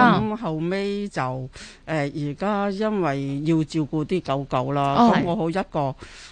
咁後尾就誒，而家因為要照顧啲狗狗啦，咁、oh, yes. 我好一個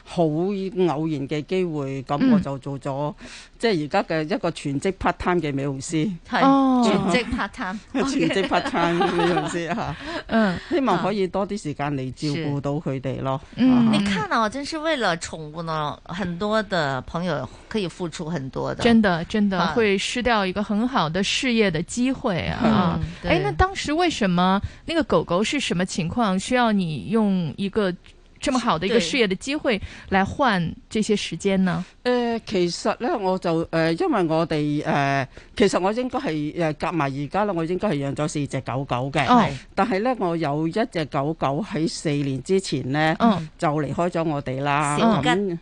好偶然嘅機會，咁我就做咗。Mm. 即係而家嘅一個全職 part-time 嘅美容師，係對、哦、全職 part-time， 全職 part-time 美容師嚇。嗯，okay. 希望可以多啲時間嚟照顧到佢哋咯。嗯，嗯，你看啊，真是為了寵物呢，很多的朋友可以付出很多的。真的，真的會失掉一個很好的事業嘅機會啊！誒，那當時為什麼那個狗狗係什麼情況？需要你用一個？這麼好的一個事業的機會，來換這些時間呢？誒、呃，其實咧我就誒、呃，因為我哋誒、呃，其實我應該係誒，夾埋而家啦，我應該係養咗四隻狗狗嘅。Oh. 但係咧我有一隻狗狗喺四年之前咧，oh. 就離開咗我哋啦。Oh. 嗯 oh.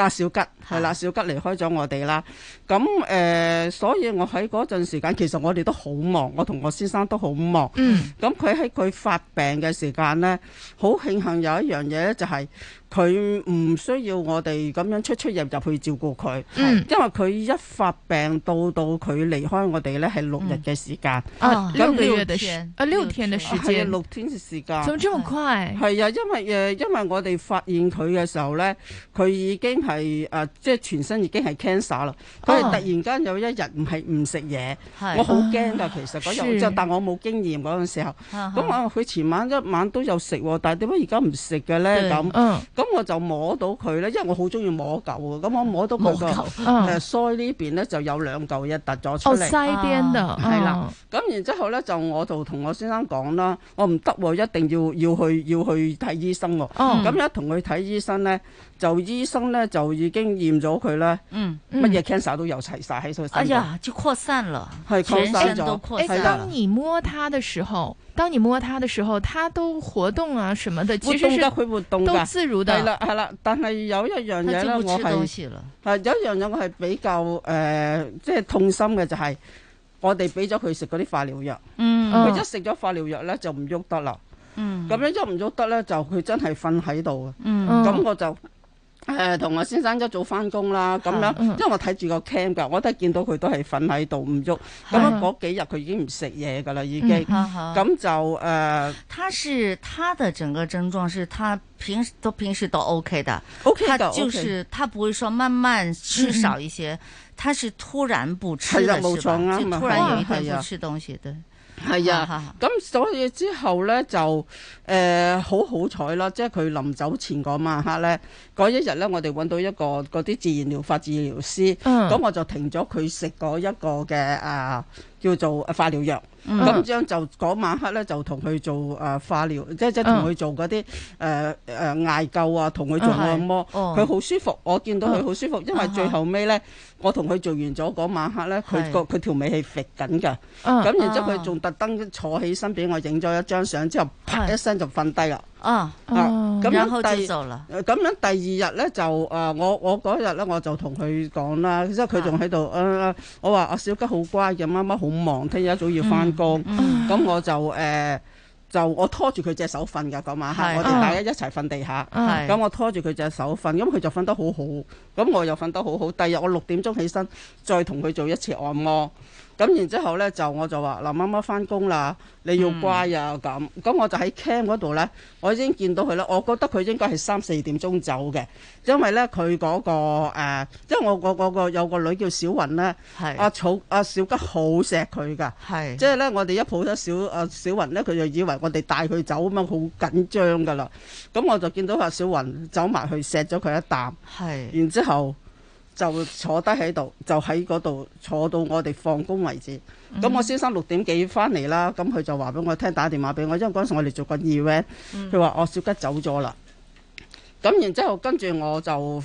阿小吉係啦，小吉離開咗我哋啦。咁誒、呃，所以我喺嗰陣時間，其實我哋都好忙，我同我先生都好忙。嗯。咁佢喺佢發病嘅時間咧，好慶幸有一樣嘢咧，就係。佢唔需要我哋咁樣出出入入去照顧佢，因為佢一發病到到佢離開我哋咧係六日嘅時間。啊，六日嘅天啊，六天嘅時間，係啊，六天嘅時間。點解咁快？係啊，因為誒，因為我哋發現佢嘅時候咧，佢已經係誒，即係全身已經係 cancer 啦。佢係突然間有一日唔係唔食嘢，我好驚㗎。其實嗰日就但係我冇經驗嗰陣時候，咁我佢前晚一晚都有食喎，但係點解而家唔食嘅咧？咁，咁我就摸到佢咧，因為我好中意摸嚿嘅，咁我摸到個腮呢邊咧就有兩嚿嘢凸咗出嚟，哦。哦，腮邊度，係啦。咁然之後咧，就我就同我先生講啦，我唔得喎，一定要要去要去睇醫生喎。哦。咁一同佢睇醫生咧，就醫生咧就已經驗咗佢啦。嗯。乜嘢 cancer 都有齊曬喺度。哎呀！就擴散啦。係擴散咗。係得了、哎、你摸它嘅時候。當你摸佢嘅時候，佢都活動啊，什麼的，其實佢活動都自如的。係啦係啦，但係有一樣嘢咧，我係係有一樣嘢我係比較誒、呃，即係痛心嘅就係、是、我哋俾咗佢食嗰啲化療藥。佢、嗯哦、一食咗化療藥咧就唔喐得啦。嗯，咁樣一唔喐得咧就佢真係瞓喺度。嗯、咁、哦、我就。誒，同我、呃、先生一早返工啦，咁樣，好因為我睇住個 cam 噶，我都係見到佢都係瞓喺度唔喐，咁、啊、樣嗰幾日佢已經唔食嘢噶啦已經，咁、嗯、就誒，呃、他是他的整個症狀是他平時都平時都 OK 的，OK 的，OK，就是 OK 他不會說慢慢吃少一些，嗯、他是突然不吃，啊、就突然冇撞啊突然有一天不吃東西，對、啊。係啊，咁所以之後呢，就誒好好彩啦，即係佢臨走前嗰晚黑呢嗰一日呢，我哋揾到一個嗰啲自然療法治療師，咁、嗯、我就停咗佢食嗰一個嘅啊。叫做啊化療藥，咁、嗯、樣就嗰、那個、晚黑咧就同佢做啊、呃、化療，即即同佢做嗰啲誒誒艾灸啊，同佢做按摩，佢好、啊、舒服。啊、我見到佢好舒服，因為最後尾咧，我同佢做完咗嗰晚黑咧，佢、那個佢是條尾係揈緊㗎，咁、啊、然之後佢仲特登坐起身俾我影咗一張相之後，啪一聲就瞓低啦。是啊啊，咁樣第二，咁樣第二日咧就啊，我我嗰日咧我就同佢講啦，之後佢仲喺度啊，我話，阿小吉好乖嘅，媽媽好忙，聽日一早要翻工，咁我就誒就我拖住佢隻手瞓噶嗰晚吓，是我哋大家一齊瞓地下，咁我拖住佢隻手瞓，咁佢就瞓得好好，咁我又瞓得好好。第二日我六點鐘起身，再同佢做一次按摩。咁然之後咧，就我就話：嗱，媽媽翻工啦，你要乖啊！咁咁、嗯、我就喺 cam 嗰度咧，我已經見到佢啦。我覺得佢應該係三四點鐘走嘅，因為咧佢嗰個誒，因、呃、為我我我個，個有個女叫小雲咧，阿是、啊、草阿小、啊、吉好錫佢㗎，是即係咧我哋一抱咗小阿小雲咧，佢就以為我哋帶佢走咁樣，好緊張㗎啦。咁我就見到阿小雲走埋去錫咗佢一啖，是然之後。就坐低喺度，就喺嗰度坐到我哋放工為止。咁、嗯、我先生六點幾返嚟啦，咁佢就話俾我聽，打電話俾我，因為嗰陣我哋做個 event，佢話我，小吉走咗啦。咁然之後，跟住我就我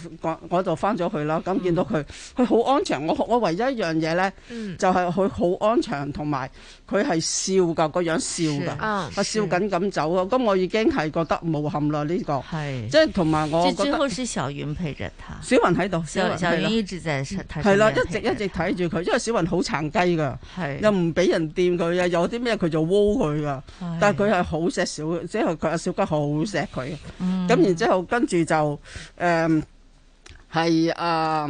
我就翻咗去啦。咁見到佢，佢好安詳。我我唯一一樣嘢咧，就係佢好安詳，同埋佢係笑㗎，個樣笑㗎，啊笑緊咁走啊。咁我已經係覺得冇憾啦呢個。係即係同埋我之後係小云喺度，小云一直在睇。係啦，一直一直睇住佢，因為小云好殘雞㗎，又唔俾人掂佢，又有啲咩佢就窩佢㗎。但佢係好錫小，即係阿小吉好錫佢。咁然之後跟。住就誒，係啊，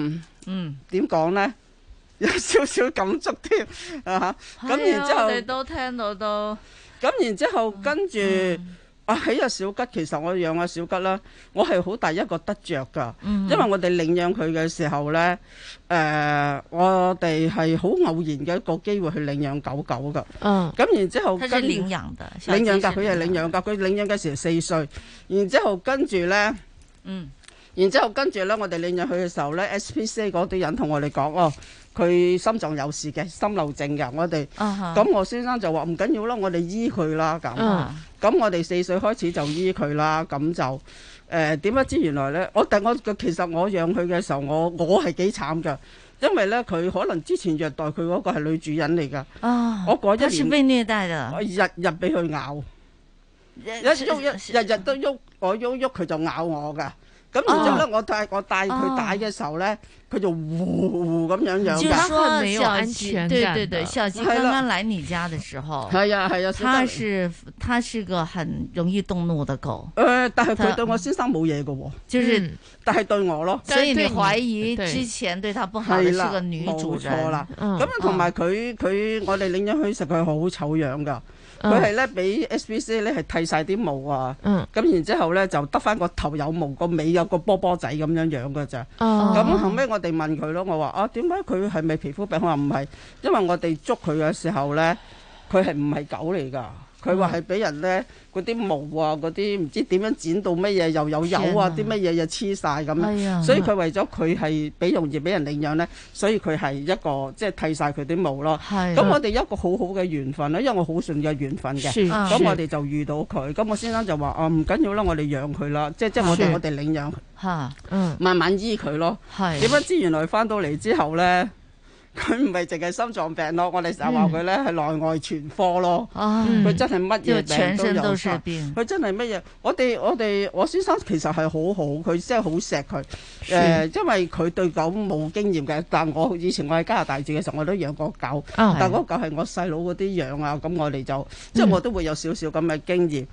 嗯，點講咧？嗯、呢 有少少感觸添啊！嚇、 嗯，咁然之後，我哋都聽到都，咁然之後，嗯、跟住着。嗯啊！起隻小吉，其實我養下小吉啦，我係好大一個得着噶，嗯嗯，因為我哋領養佢嘅時候呢，誒、呃，我哋係好偶然嘅一個機會去領養狗狗噶，咁、嗯、然之後跟領養的，是領養噶，佢係領養噶，佢領養嘅時係四歲，然之後跟住呢，嗯，然之後跟住呢，我哋領養佢嘅時候呢 SPCA 嗰啲人同我哋講哦。佢心臟有事嘅心漏症嘅，我哋咁我先生就話唔緊要咯，我哋醫佢啦咁。咁我哋四歲開始就醫佢啦，咁就誒點不知原來咧，我但係我其實我養佢嘅時候，我我係幾慘嘅，因為咧佢可能之前虐待佢嗰個係女主人嚟㗎。我嗰一年，佢是被虐待的。我日日俾佢咬，一喐一日日都喐，我喐喐佢就咬我㗎。咁然之後咧，我帶我帶佢帶嘅時候咧，佢就嗚嗚咁樣樣嘅。佢沒有安全感。對對對，小吉剛剛來你家嘅時候。係啊係啊，佢係佢係個很容易動怒嘅狗。誒，但係佢對我先生冇嘢嘅喎，就是但係對我咯。所以你懷疑之前對他不好係個女主人啦。咁啊，同埋佢佢我哋領養佢食佢好醜樣噶。佢係咧俾 SBC 咧係剃晒啲毛啊，咁、嗯、然之後咧就得翻個頭有毛，個尾有個波波仔咁樣樣噶咋。咁、哦、後尾我哋問佢咯，我話啊點解佢係咪皮膚病？我話唔係，因為我哋捉佢嘅時候咧，佢係唔係狗嚟㗎？佢話係俾人咧嗰啲毛啊，嗰啲唔知點樣剪到乜嘢，又有油啊啲乜嘢又黐晒咁樣，所以佢為咗佢係俾容易俾人領養咧，所以佢係一個即係剃晒佢啲毛咯。咁的、嗯、我哋一個好好嘅緣分啦，因為我好信嘅緣分嘅，咁的、嗯、我哋就遇到佢。咁我先生就話啊唔緊要啦，我哋養佢啦，即即我哋的我哋領養，啊嗯、慢慢醫佢咯。點不知原來返到嚟之後咧，佢唔係淨係心臟病咯，我哋成日話佢咧係內外全科咯。佢、嗯、真係乜嘢病都有，佢真係乜嘢？我哋我哋我先生其實係好好，佢即係好錫佢。誒是、呃，因為佢對狗冇經驗嘅，但我以前我喺加拿大住嘅時候，我都養過狗。哦、但嗰狗係我細佬嗰啲養啊，咁是我哋就即係、嗯、我都會有少少咁嘅經驗。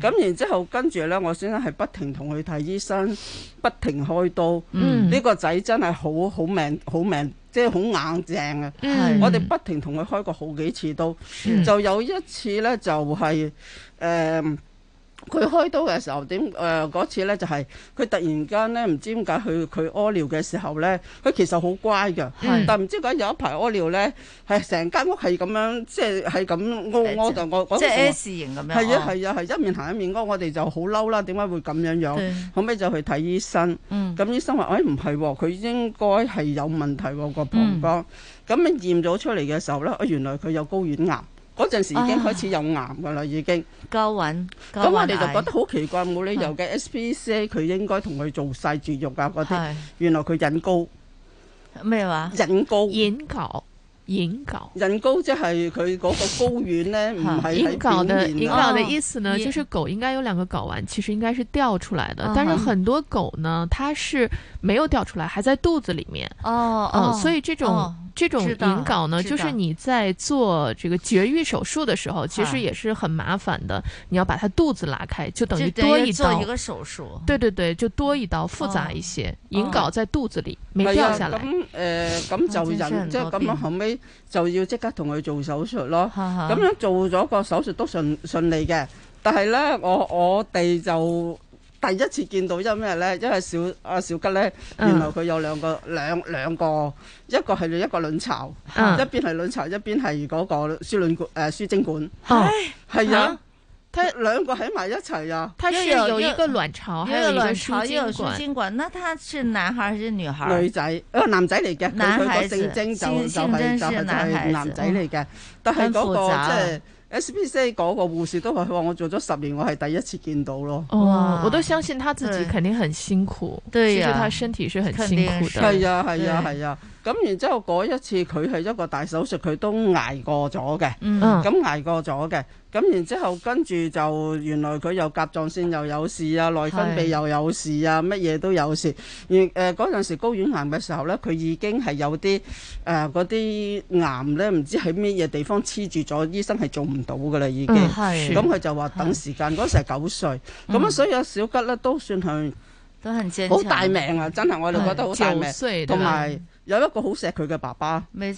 咁是然之後，跟住咧，我先生係不停同佢睇醫生，不停開刀。呢、嗯、個仔真係好好命，好命。即係好硬淨啊！嗯、我哋不停同佢開過好幾次刀，就有一次咧就係、是嗯嗯佢開刀嘅時候點誒嗰次咧就係、是、佢突然間咧唔知點解去佢屙尿嘅時候咧，佢其實好乖㗎。是但唔知點解有一排屙尿咧係成間屋係咁樣，即係係咁屙，我就我嗰陣即 A 字型咁樣，係啊係啊係一面行一面屙，我哋就好嬲啦，點解會咁樣樣？後尾就去睇醫生，咁、嗯、醫生話：誒唔係喎，佢、啊、應該係有問題喎、啊、個膀胱。咁樣、嗯、驗咗出嚟嘅時候咧、哎，原來佢有睾丸癌。嗰陣時已經開始有癌㗎啦，已經睾丸。咁我哋就覺得好奇怪，冇理由嘅 SPCA 佢應該同佢做晒絕育㗎嗰啲。原來佢引高咩話？引高引高，引高，引高，即係佢嗰個睾丸呢？唔係引睾的引睾的意思呢？就是狗應該有兩個睾丸，其實應該是掉出來嘅。但是很多狗呢，它是沒有掉出來，還在肚子裡面。哦，哦，所以這種。這種隱睾呢，就是你在做這個絕育手術的時候，道其實也是很麻煩的。你要把他肚子拉開，就等於多一道一個手術。對對對，就多一刀複雜一些。隱睾、哦哦、在肚子裏沒掉下來。咁誒、啊，咁、呃、就人即係咁樣後尾就要即刻同佢做手術咯。咁哈樣做咗個手術都順順利嘅，但係咧，我我哋就。第一次見到，因咩咧？因為小阿小吉咧，原來佢有兩個兩兩個，一個係一個卵巢，一邊係卵巢，一邊係嗰個輸卵管誒輸精管。係啊，睇兩個喺埋一齊啊！佢有一個卵巢，一個卵巢，又有輸精管。那他是男孩還是女孩？女仔，啊男仔嚟嘅，佢個性徵就就係就係男仔嚟嘅，但係嗰個即係。S.P.C. 嗰個護士都話：佢話我做咗十年，我係第一次見到咯。哇，我都相信他自己肯定很辛苦，對、啊、其實他身體是很辛苦的。係啊，係啊，係啊。咁對然之後，嗰一次佢係一個大手術，佢都捱過咗嘅。嗯，咁捱、嗯、過咗嘅。咁然之後，跟住就原來佢又甲狀腺又有事啊，內分泌又有事啊，乜嘢是都有事。嗰、呃、陣時高院癌嘅時候咧，佢已經係有啲誒嗰啲癌咧，唔知喺咩嘢地方黐住咗，醫生係做唔到㗎啦已經。嗯，咁佢就話等時間。嗰是時係九歲。咁啊、嗯，所以阿小吉咧都算係，都係好大命啊！真係，我哋覺得好大命。同埋，有一個好錫佢嘅爸爸，因為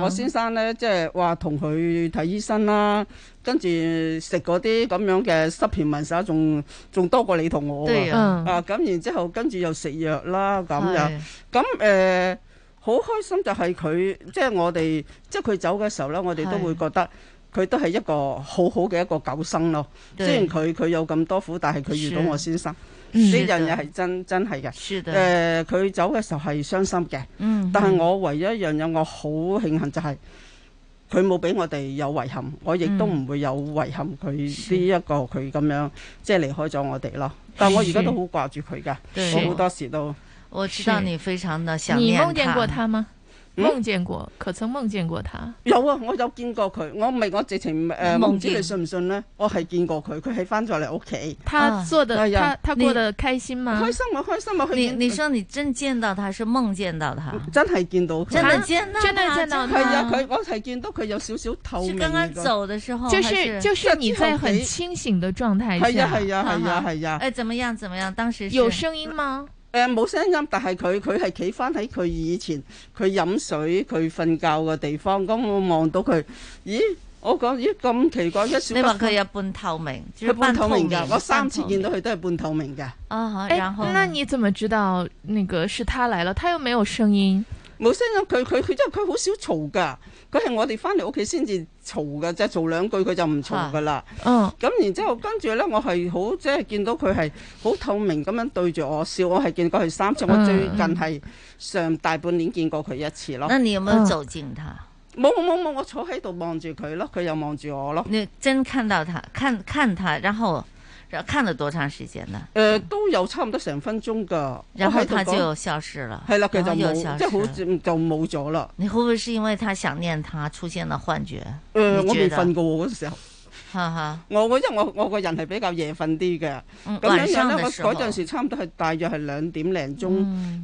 我先生呢，即係話同佢睇醫生啦，跟住食嗰啲咁樣嘅濕片、問手，仲仲多過你同我對、嗯、啊！咁然後之後又食，跟住又食藥啦，咁又咁誒，好、呃、開心就係佢，即、就、係、是、我哋，即係佢走嘅時候呢，我哋都會覺得佢都係一個好好嘅一個狗生咯。對雖然佢佢有咁多苦，但係佢遇到我先生。呢樣嘢係真真係嘅，誒佢的、呃、走嘅時候係傷心嘅，嗯嗯、但係我唯一一樣嘢我好慶幸就係佢冇俾我哋有遺憾，我亦都唔會有遺憾佢呢一個佢咁是樣即係離開咗我哋咯。但係我而家都好掛住佢噶，我好多時都我知道你非常的想念佢，你夢見過他嗎？夢見過，可曾夢見過他？有啊，我有見過佢。我唔係我直情唔係誒，唔知你信唔信呢？我係見過佢，佢係翻咗嚟屋企。他坐的，他他過得開心嗎？開心啊，開心啊，你你說你真見到他，是夢見到他？真係見到佢，真見到，真見到。係啊，佢我係見到佢有少少透明。是剛剛走的時候，就是就是你在很清醒的狀態下。係啊，係啊，係啊，係啊。誒，怎麼樣？怎麼樣？當時有聲音嗎？誒冇、呃、聲音，但係佢佢係企翻喺佢以前佢飲水佢瞓覺嘅地方，咁我望到佢，咦？我講咦，咁奇怪，一時你話，佢有半透明，佢、就是、半透明㗎，明明我三次見到佢都係半透明嘅。啊，好，誒、欸，那你怎麼知道那個是他來了？他又沒有聲音。嗯冇聲音，佢佢佢即係佢好少嘈噶，佢係我哋翻嚟屋企先至嘈噶，即係嘈兩句佢就唔嘈噶啦。嗯，咁然之後跟住咧，我係好即係見到佢係好透明咁樣對住我笑，我係見過佢三次。嗯，我最近係上大半年見過佢一次咯。那你有冇走近他？冇冇冇冇，我坐喺度望住佢咯，佢又望住我咯。你真看到他，看看他，然後。看了多長時間呢？誒，都有差唔多成分鐘噶。然後他就消失了。係啦，佢就冇，即係好似就冇咗啦。你會唔會是因為他想念他出現了幻覺？誒，我未瞓過嗰時候。哈哈，我因為我我個人係比較夜瞓啲嘅。咁樣樣咧，我嗰陣時差唔多係大約係兩點零鐘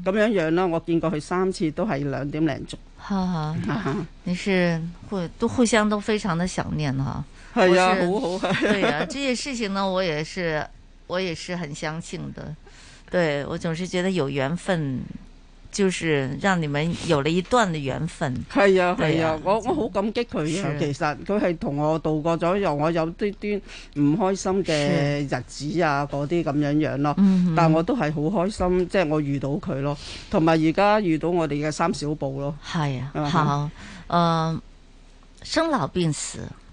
咁樣樣啦。我見過佢三次都係兩點零鐘。哈哈，你是互都互相都非常的想念哈。係啊，對啊，這些事情呢，我也是，我也是很相信的。對，我總是覺得有緣分，就是讓你們有了一段的緣分。係啊，係啊，我我好感激佢啊。其實佢係同我度過咗由我有啲啲唔開心嘅日子啊，嗰啲咁樣樣咯。但我都係好開心，即係我遇到佢咯。同埋而家遇到我哋嘅三小寶咯。係啊，好，誒，生老病死。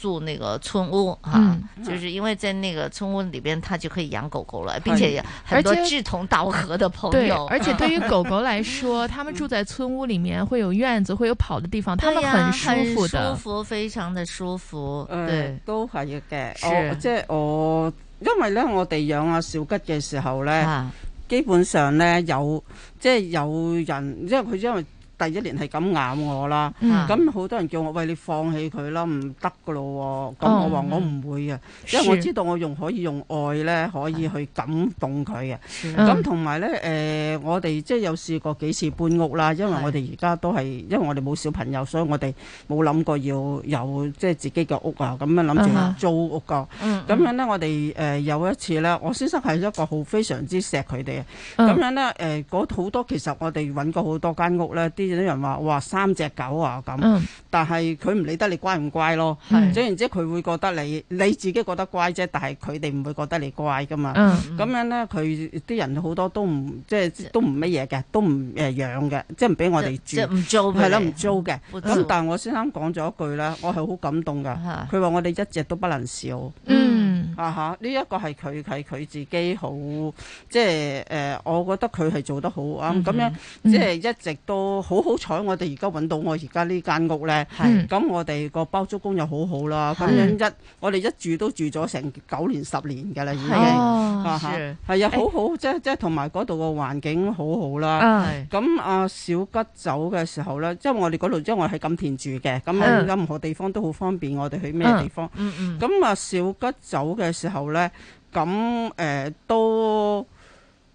住那個村屋啊，嗯、就是因為在那個村屋裏邊，他就可以養狗狗了，嗯、並且有很多志同道合的朋友。而且，對，而且對於狗狗來說， 他們住在村屋裏面會有院子，會有跑的地方，啊、他們很舒服的。舒服，非常的舒服。對，呃、都係嘅。哦是，即係我，因為咧，我哋養阿小吉嘅時候咧，啊、基本上咧有即係有人，因為佢因為。第一年係咁揞我啦，咁好、嗯、多人叫我喂，你放棄佢啦，唔得噶咯喎，咁我話我唔會嘅，哦嗯、因為我知道我用可以用愛咧，可以去感動佢嘅。咁同埋咧，誒、呃、我哋即係有試過幾次搬屋啦，因為我哋而家都係因為我哋冇小朋友，所以我哋冇諗過要有即係自己嘅屋啊，咁樣諗住去租屋噶。咁、嗯嗯、樣咧，我哋誒、呃、有一次咧，我先生係一個好非常之錫佢哋嘅。咁樣咧，誒嗰好多其實我哋揾過好多間屋咧，啲。啲人話哇三隻狗啊咁，嗯、但係佢唔理得你乖唔乖咯。總然之，佢會覺得你你自己覺得乖啫，但係佢哋唔會覺得你乖噶嘛。咁、嗯、樣咧，佢啲人好多都唔即係都唔乜嘢嘅，都唔誒養嘅，即係唔俾我哋住。唔租係咯，唔租嘅。咁租但係我先生講咗一句啦，我係好感動噶。佢話我哋一隻都不能少。嗯啊吓，呢一個係佢係佢自己好，即係誒，我覺得佢係做得好啊！咁樣即係一直都好好彩，我哋而家揾到我而家呢間屋咧，係咁我哋個包租公又好好啦。咁樣一我哋一住都住咗成九年十年嘅啦，已經啊吓，係啊，好好即係即係同埋嗰度個環境好好啦。咁阿小吉走嘅時候咧，即係我哋嗰度即係我喺錦田住嘅，咁啊任何地方都好方便，我哋去咩地方？咁啊小吉走嘅。時候咧，咁誒、呃、都。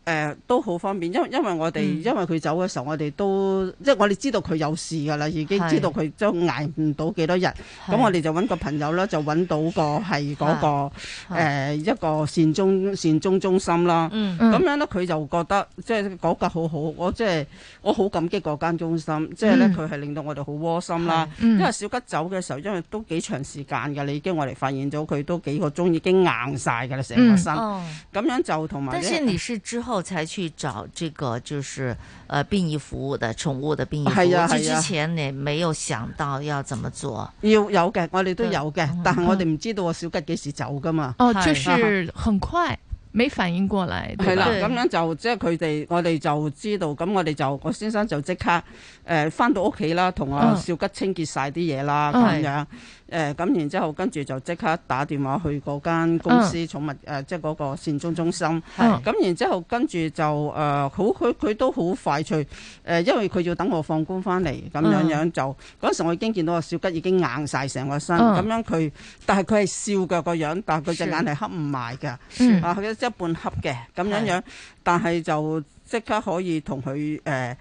誒、呃、都好方便，因為、嗯、因為我哋因為佢走嘅時候，我哋都即係我哋知道佢有事㗎啦，已經知道佢將挨唔到幾多日，咁是我哋就揾個朋友啦，就揾到個係嗰、那個誒一個善終善終中心啦。咁、嗯、樣咧，佢就覺得即係嗰格好好，我即係我好感激嗰間中心，即係咧佢係令到我哋好窩心啦。嗯、因為小吉走嘅時候，因為都幾長時間㗎，你已經我哋發現咗佢都幾個鐘已經硬晒㗎啦，成個身。咁、嗯哦、樣就同埋但是你是之後然後才去找這個就是，呃，殯儀服務的寵物的殯儀服務，啊啊、之前你沒有想到要怎麼做，要有嘅，我哋都有嘅，對但係我哋唔知道小吉幾時走噶嘛，哦，是就是很快，沒反應過來，係啦，咁、啊、樣就即係佢哋，我哋就知道，咁我哋就，我先生就即刻，誒、呃，翻到屋企啦，同阿、啊、小吉清潔晒啲嘢啦，咁、哦、樣。哦誒咁、呃，然之後跟住就即刻打電話去嗰間公司寵物誒，即係嗰個善終中，中心。咁、啊、然之後跟住就誒，好佢佢都好快脆，誒、呃，因為佢要等我放工翻嚟，咁樣樣就嗰陣、啊、時我已經見到阿小吉已經硬晒成個身。咁、啊、樣佢，但係佢係笑嘅個樣，但係佢隻眼係黑唔埋㗎。嗯嗯、啊，佢一半黑嘅咁樣、嗯嗯、樣，但係就即刻可以同佢誒。呃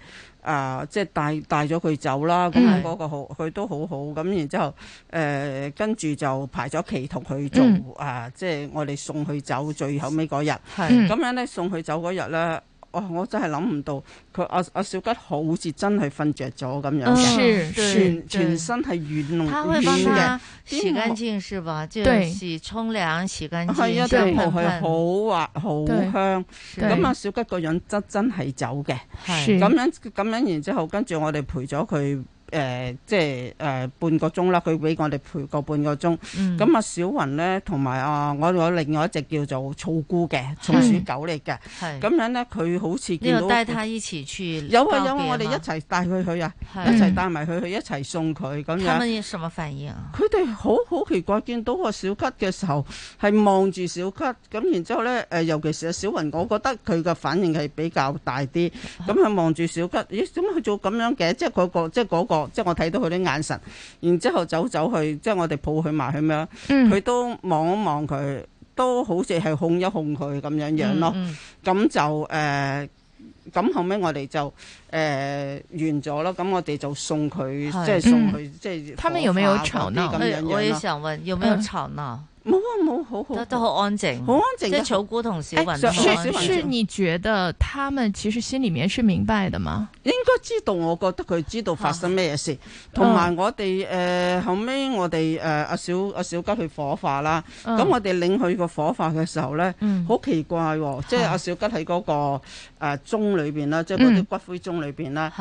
啊，即係帶帶咗佢走啦，咁樣嗰個好，佢都好好，咁然之後，誒，跟住就排咗期同佢做啊，即係我哋送佢走最後尾嗰日，咁樣咧送佢走嗰日咧。哦，我真係諗唔到佢阿阿，小吉好似真係瞓着咗咁樣，全，全身係軟嘅，洗乾淨是吧？即係洗沖涼洗乾淨，啲毛佢好滑好香。咁阿小吉個樣真，真係走嘅，咁樣咁樣然之後，跟住我哋陪咗佢。誒、呃，即係誒、呃、半個鐘啦，佢俾我哋陪個半個鐘。咁啊、嗯，小雲咧同埋啊，我有另外一隻叫做草菇嘅松鼠狗嚟嘅。咁、嗯、樣咧，佢是好似見到帶他一起去，有啊有啊，我哋一齊帶佢去啊，是一齊帶埋佢去，一齊送佢咁樣，他們什麼反應啊？佢哋好好奇怪，見到個小吉嘅時候係望住小吉，咁然之後咧、呃、尤其是啊小雲，我覺得佢嘅反應係比較大啲。咁佢望住小吉，咦？點解佢做咁樣嘅？即係嗰個，即係嗰個。就是哦、即係我睇到佢啲眼神，然之後走走去，即係我哋抱佢埋，去咩、嗯？佢都望一望佢，都好似係哄一哄佢咁樣樣咯。咁、嗯嗯、就誒，咁、呃、後尾我哋就誒完咗啦。咁、呃、我哋就送佢，是即係送佢。嗯、即係他們有沒有吵鬧？這樣我也想問，有沒有吵鬧？嗯冇啊冇，好好得都好安靜，好安靜，即係草姑，同小云，是是。你覺得他們其實心裏面是明白的嗎？應該知道，我覺得佢知道發生咩事。同埋我哋誒，後尾我哋誒阿小阿小吉去火化啦。咁我哋領佢個火化嘅時候咧，好奇怪，即係阿小吉喺嗰個誒鐘裏邊啦，即係嗰啲骨灰鐘裏邊啦。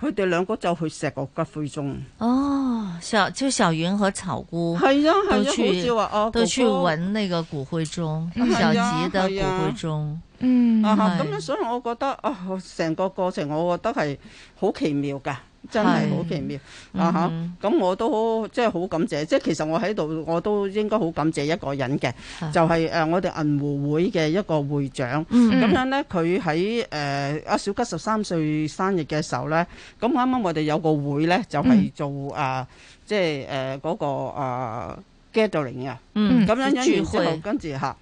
佢哋兩個就去錫個骨灰鐘。哦，小即係小云和草姑，係啊係啊，好似話哦。去揾那個骨灰盅，小吉的骨灰盅。嗯啊哈，咁樣，所以我覺得啊，成個過程我覺得係好奇妙噶，真係好奇妙啊哈！咁我都好即係好感謝，即係其實我喺度我都應該好感謝一個人嘅，就係誒我哋銀湖會嘅一個會長。咁樣咧，佢喺誒阿小吉十三歲生日嘅時候咧，咁啱啱我哋有個會咧，就係做啊，即係誒嗰個啊。get 到嚟嘅，嗯、咁樣樣完之後跟，嗯、後跟住吓。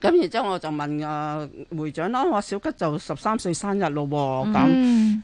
咁、嗯、然之後我就問啊會長啦，我小吉就十三歲生日咯喎，咁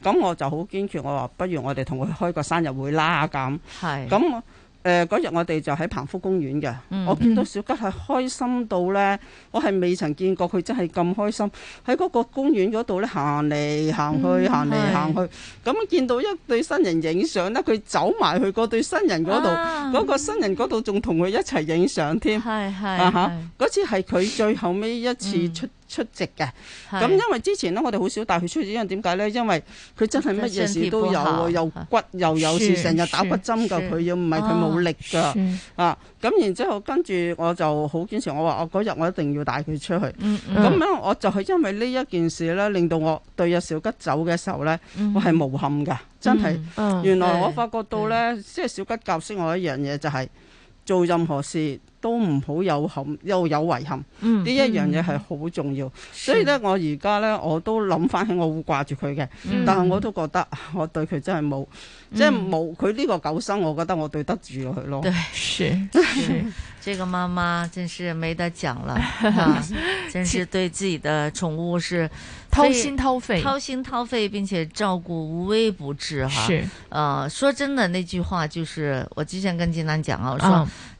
咁、嗯、我就好堅決，我話不如我哋同佢開個生日會啦咁，咁。是嗰日、呃、我哋就喺彭福公園嘅，嗯、我見到小吉係開心到呢，我係未曾見過佢真係咁開心，喺嗰個公園嗰度呢，行嚟行去行嚟行去，咁見到一對新人影相呢，佢走埋去嗰對新人嗰度，嗰、啊、個新人嗰度仲同佢一齊影相添，啊嚇！嗰次係佢最後尾一次出、嗯。出出席嘅，咁因為之前咧，我哋好少帶佢出席，因為點解咧？因為佢真係乜嘢事都有，又骨又有事，成日打骨針㗎佢，又唔係佢冇力㗎，啊！咁然之後跟住我就好堅持，我話我嗰日我一定要帶佢出去。咁咧，我就係因為呢一件事咧，令到我對阿小吉走嘅時候咧，我係無憾㗎，真係。原來我發覺到咧，即係小吉教識我一樣嘢，就係做任何事。都唔好有憾，又有遺憾，嗯，呢一樣嘢係好重要。所以咧，我而家咧我都諗翻起，我會掛住佢嘅。但係我都覺得，我對佢真係冇，即係冇佢呢個狗生，我覺得我對得住佢咯。對，是，這個媽媽真是沒得講了，真是對自己的寵物是掏心掏肺、掏心掏肺，並且照顧無微不至。哈，是。呃，說真的，那句話就是我之前跟金蘭講啊，我說。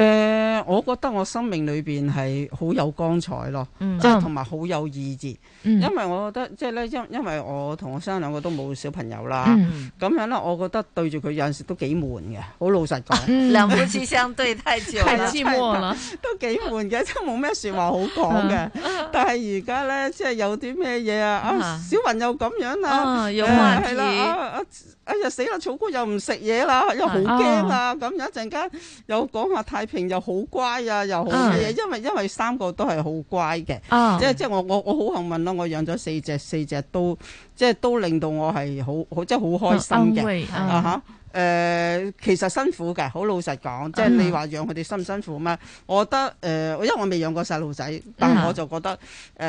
誒，我覺得我生命裏邊係好有光彩咯，即係同埋好有意志。因為我覺得即係咧，因因為我同我生兩個都冇小朋友啦，咁樣咧，我覺得對住佢有陣時都幾悶嘅，好老實講。兩夫妻相對太寂寞啦，都幾悶嘅，真冇咩説話好講嘅。但係而家咧，即係有啲咩嘢啊？小雲又咁樣啦，好慢啲。哎呀死啦！草菇又唔食嘢啦，又好驚啊。咁一陣間又講下太。平又好乖啊，又好嘅嘢，啊，因為因為三個都係好乖嘅，uh，即係即係我我我好幸運咯，我養咗四隻，四隻都即係都令到我係好好即係好開心嘅，啊嚇，uh。Huh. Uh huh. 誒、呃、其實辛苦嘅，好老實講，即係你話養佢哋辛唔辛，辛苦嘛？我覺得誒、呃，因為我未養過細路仔，但係我就覺得誒、嗯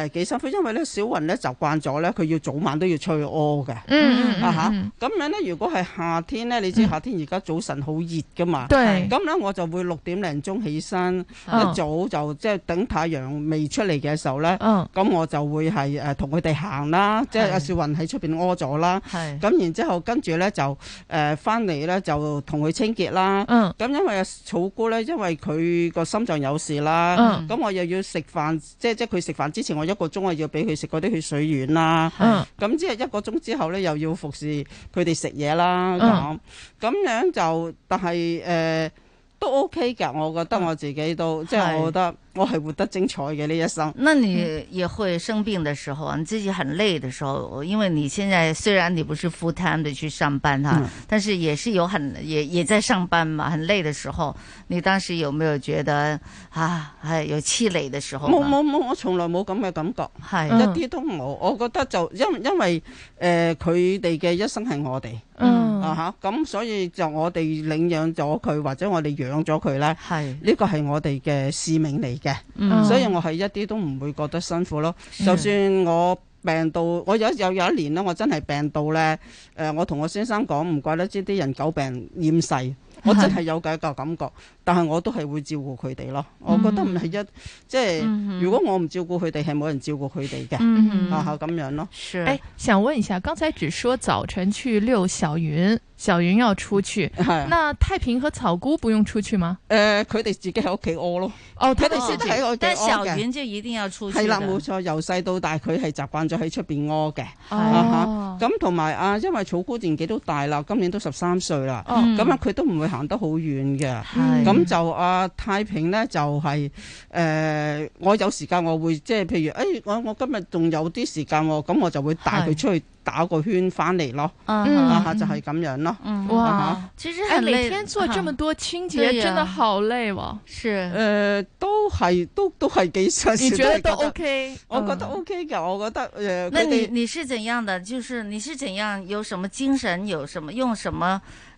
呃、幾辛苦，因為咧小雲咧就慣咗咧，佢要早晚都要出去屙嘅。嗯嗯，嗯，嗯啊咁樣咧，如果係夏天咧，你知夏天而家早晨好熱㗎嘛？咁咧、嗯、我就會六點零鐘起身，哦、一早就即係、就是、等太陽未出嚟嘅時候咧，咁、哦、我就會係同佢哋行啦，是即係阿小雲喺出邊屙咗啦。咁是然之後跟住咧就返。翻、呃。嚟咧就同佢清潔啦，咁、嗯、因為草菇咧，因為佢個心臟有事啦，咁、嗯、我又要食飯，即係即係佢食飯之前，我一個鐘啊要俾佢食嗰啲血水丸啦，咁、嗯、即係一個鐘之後咧又要服侍佢哋食嘢啦，咁咁、嗯、樣就但係誒、呃、都 OK 嘅，我覺得我自己都、嗯、即係我覺得。我係活得精彩嘅呢一生。那你也會生病的時候，你自己很累的時候，因為你現在雖然你不是 full time 地去上班哈，嗯、但是也是有很也也在上班嘛，很累的時候，你當時有沒有覺得啊，哎、有氣餒的時候？冇冇冇，我從來冇咁嘅感覺，係是一啲都冇。嗯、我覺得就因因為誒佢哋嘅一生係我哋，嗯吓，咁、啊、所以就我哋領養咗佢或者我哋養咗佢咧，係呢是個係我哋嘅使命嚟嘅，嗯、所以我係一啲都唔會覺得辛苦咯。就算我病到，我有，有，有一年我真係病到、呃、我同我先生講，唔怪得之啲人久病厭世。我真係有咁嘅感覺，但係我都係會照顧佢哋咯。我覺得唔係一即係，如果我唔照顧佢哋，係冇人照顧佢哋嘅，咁樣咯。誒，想問一下，剛才只說早晨去遛小雲，小雲要出去，係。那太平和草菇不用出去嗎？誒，佢哋自己喺屋企屙咯。哦，睇佢先喺屋企屙嘅。但小雲就一定要出去。係啦，冇錯，由細到大佢係習慣咗喺出邊屙嘅。咁同埋啊，因為草菇年紀都大啦，今年都十三歲啦。咁啊，佢都唔會。行得好遠嘅，咁就阿太平咧就係誒，我有時間我會即係譬如誒，我我今日仲有啲時間，咁我就會帶佢出去打個圈翻嚟咯，就係咁樣咯。哇，其實係你一日做咁多清潔，真的好累喎。是誒，都係都都係幾想你覺得都 O K，我覺得 O K 㗎，我覺得誒。你你是怎樣的？就是你是怎樣？有什麼精神？有什麼用什麼？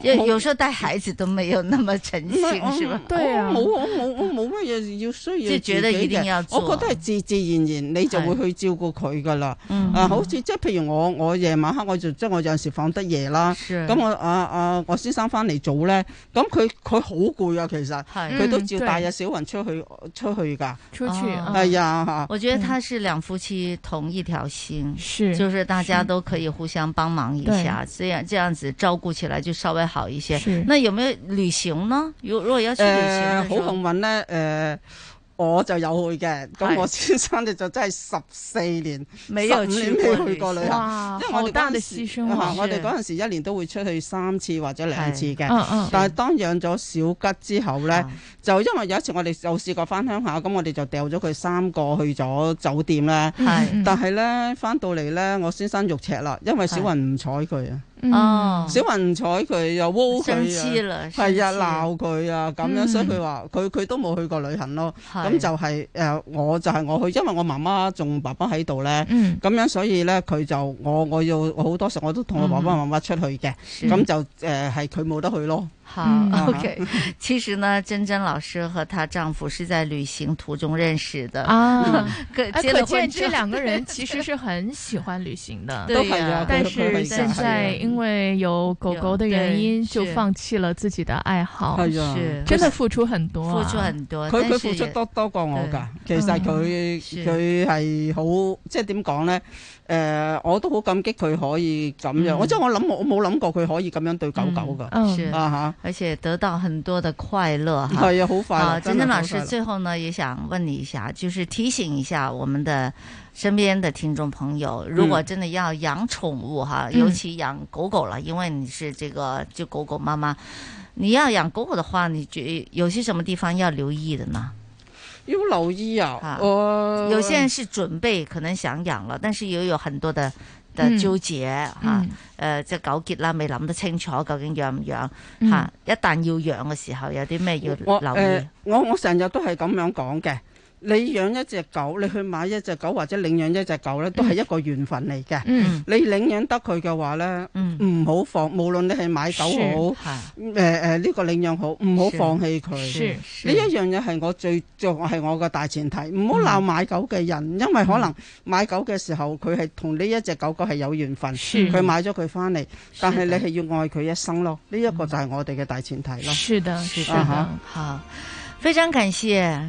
有有時候帶孩子都沒有那麼誠心，是嘛？對，冇我冇我冇乜嘢要需要，就覺得一定要，我覺得係自自然然，你就會去照顧佢噶啦。啊，好似即係譬如我我夜晚黑我就即係我有陣時放得夜啦，咁我啊啊我先生翻嚟早咧，咁佢佢好攰啊，其實佢都照帶阿小雲出去出去噶，出去係啊。我覺得他是兩夫妻同一條心，就是大家都可以互相幫忙一下，這樣這樣子照顧起來就稍微好一些，是那有冇旅行呢？如如果要去旅行，誒，好幸運呢，誒、呃，我就有去嘅。咁是我先生就真係十四年、十五年未去過旅行，旅行哇因為我哋嗰陣時，啊嗯、我哋嗰陣時一年都會出去三次或者兩次嘅。是但係當養咗小吉之後呢，是就因為有一次我哋又試過翻鄉下，咁我哋就掉咗佢三個去咗酒店咧。是但係呢，翻到嚟呢，我先生肉赤啦，因為小云唔睬佢啊。哦，嗯、小雲彩佢又蝸、wow、佢，係啊鬧佢啊咁樣，嗯、所以佢話佢佢都冇去過旅行咯。咁是就係、是呃、我就係我去，因為我媽媽仲爸爸喺度咧，咁、嗯、樣所以咧佢就我我要我好多時我都同我爸爸媽媽出去嘅，咁、嗯、就誒係佢冇得去咯。好、嗯、OK。其實呢，珍珍老師和她丈夫是在旅行途中認識的啊。可可見這兩個人其實是很喜歡旅行的， 對呀、啊。但是現在因為有狗狗的原因，就放棄了自己的愛好，是真的付出很多、啊，付出很多。佢他付出多多過我的，其實佢佢係好，即係點講呢？呃我都好感激佢可以咁樣，嗯、我真係我諗我冇諗過佢可以咁樣對狗狗噶，嗯、是啊，而且得到很多的快樂，係啊，快樂，好，真快樂。阿貞貞老師最後呢，也想問你一下，就是提醒一下我們的身邊的聽眾朋友，如果真的要養寵物哈，嗯、尤其養狗狗了、嗯、因為你是這個就狗狗媽媽，你要養狗狗的話，你有有些什麼地方要留意的呢？要留意啊！我有些人是準備可能想養了，但是也有很多的、嗯、的糾結哈。誒、啊，即係糾結啦，未諗得清楚究竟養唔養？吓、啊，嗯、一旦要養嘅時候，有啲咩要留意？我、呃、我我成日都係咁樣講嘅。你養一隻狗，你去買一隻狗或者領養一隻狗呢，都係一個緣分嚟嘅。你領養得佢嘅話呢，唔好放。無論你係買狗好，誒誒，呢個領養好，唔好放棄佢。呢一樣嘢係我最做，係我嘅大前提。唔好鬧買狗嘅人，因為可能買狗嘅時候佢係同呢一隻狗狗係有緣分，佢買咗佢翻嚟，但係你係要愛佢一生咯。呢一個就係我哋嘅大前提咯。是的，是的，好，非常感謝。